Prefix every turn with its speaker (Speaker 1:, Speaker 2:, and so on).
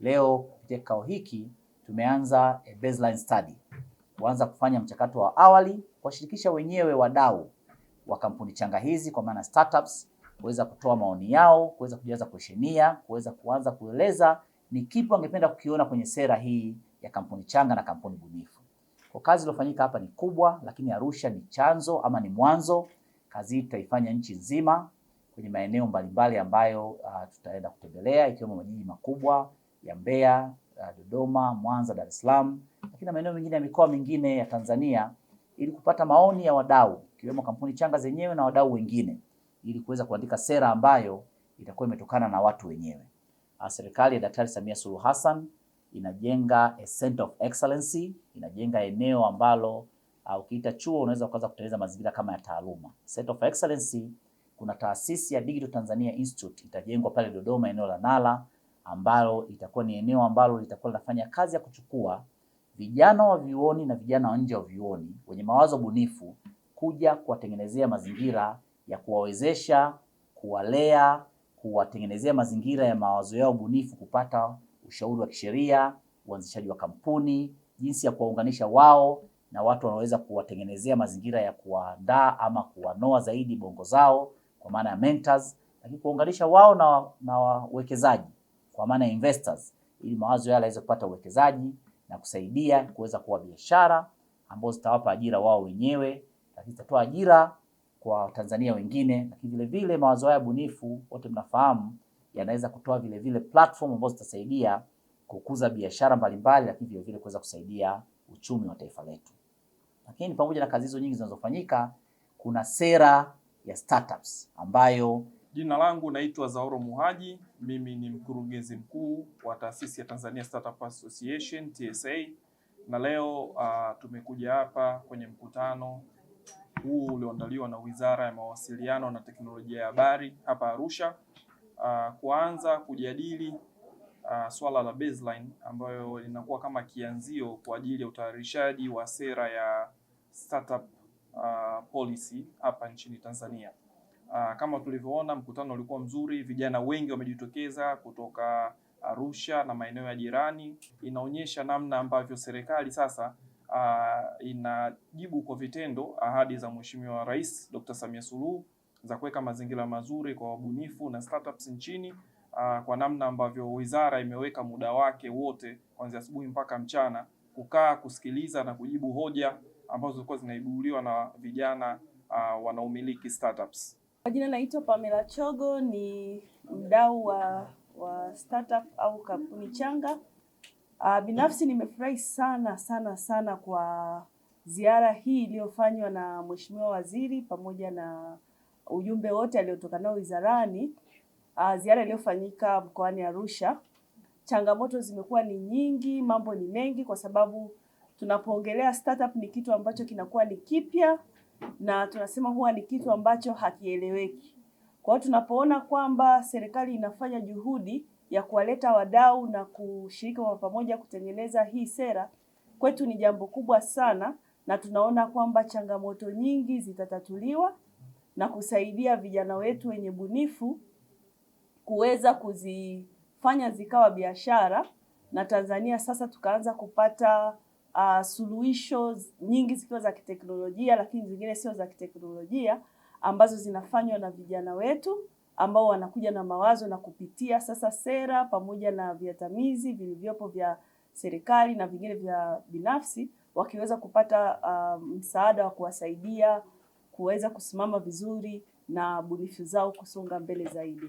Speaker 1: Leo kupitia kikao hiki tumeanza a baseline study, kuanza kufanya mchakato wa awali, kuwashirikisha wenyewe wadau wa kampuni changa hizi kwa maana startups kuweza kutoa maoni yao, kuweza kujaza kueshenia, kuweza kuanza kueleza ni kipi wangependa kukiona kwenye sera hii ya kampuni changa na kampuni bunifu. Kwa kazi iliyofanyika hapa ni kubwa, lakini Arusha ni chanzo ama ni mwanzo. Kazi hii tutaifanya nchi nzima kwenye maeneo mbalimbali ambayo uh, tutaenda kutembelea ikiwemo majiji makubwa ya Mbeya, Dodoma, Mwanza, Dar es Salaam, lakini na maeneo mengine ya mikoa mingine ya Tanzania ili kupata maoni ya wadau ikiwemo kampuni changa zenyewe na wadau wengine ili kuweza kuandika sera ambayo itakuwa imetokana na watu wenyewe. Ah, serikali ya Daktari Samia Suluhu Hassan inajenga a center of excellence, inajenga eneo ambalo au ah, ukiita chuo unaweza kuanza kutengeneza mazingira kama ya taaluma. Center of excellence, kuna taasisi ya Digital Tanzania Institute itajengwa pale Dodoma eneo la Nala ambalo itakuwa ni eneo ambalo litakuwa linafanya kazi ya kuchukua vijana wa vyuoni na vijana wa nje wa vyuoni wenye mawazo bunifu kuja kuwatengenezea mazingira ya kuwawezesha, kuwalea, kuwatengenezea mazingira ya mawazo yao bunifu, kupata ushauri wa kisheria, uanzishaji wa kampuni, jinsi ya kuwaunganisha wao na watu wanaweza kuwatengenezea mazingira ya kuwaandaa ama kuwanoa zaidi bongo zao, kwa maana ya mentors, lakini kuwaunganisha wao na wawekezaji kwa maana investors, ili mawazo yale yaweze kupata uwekezaji na kusaidia kuweza kuwa biashara ambazo zitawapa ajira wao wenyewe, lakini zitatoa ajira kwa Tanzania wengine, lakini vile vile mawazo haya bunifu, wote mnafahamu, yanaweza kutoa vile vile platform ambazo zitasaidia kukuza biashara mbalimbali, lakini vile vile kuweza kusaidia uchumi wa taifa letu. Lakini pamoja na kazi hizo nyingi zinazofanyika, kuna sera ya startups ambayo.
Speaker 2: Jina langu naitwa Zaoro Muhaji, mimi ni mkurugenzi mkuu wa taasisi ya Tanzania Startup Association TSA, na leo uh, tumekuja hapa kwenye mkutano huu ulioandaliwa na Wizara ya Mawasiliano na Teknolojia ya Habari hapa Arusha uh, kuanza kujadili uh, swala la baseline ambayo linakuwa kama kianzio kwa ajili ya utayarishaji wa sera ya startup uh, policy hapa nchini Tanzania. Ah, kama tulivyoona mkutano ulikuwa mzuri, vijana wengi wamejitokeza kutoka Arusha na maeneo ya jirani. Inaonyesha namna ambavyo serikali sasa uh, inajibu kwa vitendo ahadi za Mheshimiwa Rais Dr. Samia Suluhu za kuweka mazingira mazuri kwa wabunifu na startups nchini uh, kwa namna ambavyo wizara imeweka muda wake wote kuanzia asubuhi mpaka mchana kukaa kusikiliza na kujibu hoja ambazo zilikuwa zinaibuliwa na vijana uh, wanaomiliki startups.
Speaker 3: Majina naitwa Pamela Chogo, ni mdau wa, wa startup au kampuni changa. Uh, binafsi nimefurahi sana sana sana kwa ziara hii iliyofanywa na Mheshimiwa Waziri pamoja na ujumbe wote aliotoka nao wizarani. Uh, ziara iliyofanyika mkoani Arusha. Changamoto zimekuwa ni nyingi, mambo ni mengi kwa sababu tunapoongelea startup ni kitu ambacho kinakuwa ni kipya na tunasema huwa ni kitu ambacho hakieleweki. Kwa hiyo tunapoona kwamba serikali inafanya juhudi ya kuwaleta wadau na kushiriki kwa pamoja kutengeneza hii sera, kwetu ni jambo kubwa sana, na tunaona kwamba changamoto nyingi zitatatuliwa na kusaidia vijana wetu wenye bunifu kuweza kuzifanya zikawa biashara na Tanzania sasa tukaanza kupata uh, suluhisho nyingi zikiwa za kiteknolojia, lakini zingine sio za kiteknolojia ambazo zinafanywa na vijana wetu ambao wanakuja na mawazo na kupitia sasa sera pamoja na viatamizi vilivyopo vya serikali na vingine vya binafsi, wakiweza kupata uh, msaada wa kuwasaidia kuweza kusimama vizuri na bunifu zao kusonga mbele zaidi.